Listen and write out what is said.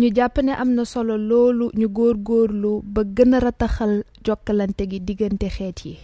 ñu jàpp ni am na solo loolu ñu góor góorlu ba gën a rataxal jokkalante gi diggante xeet yi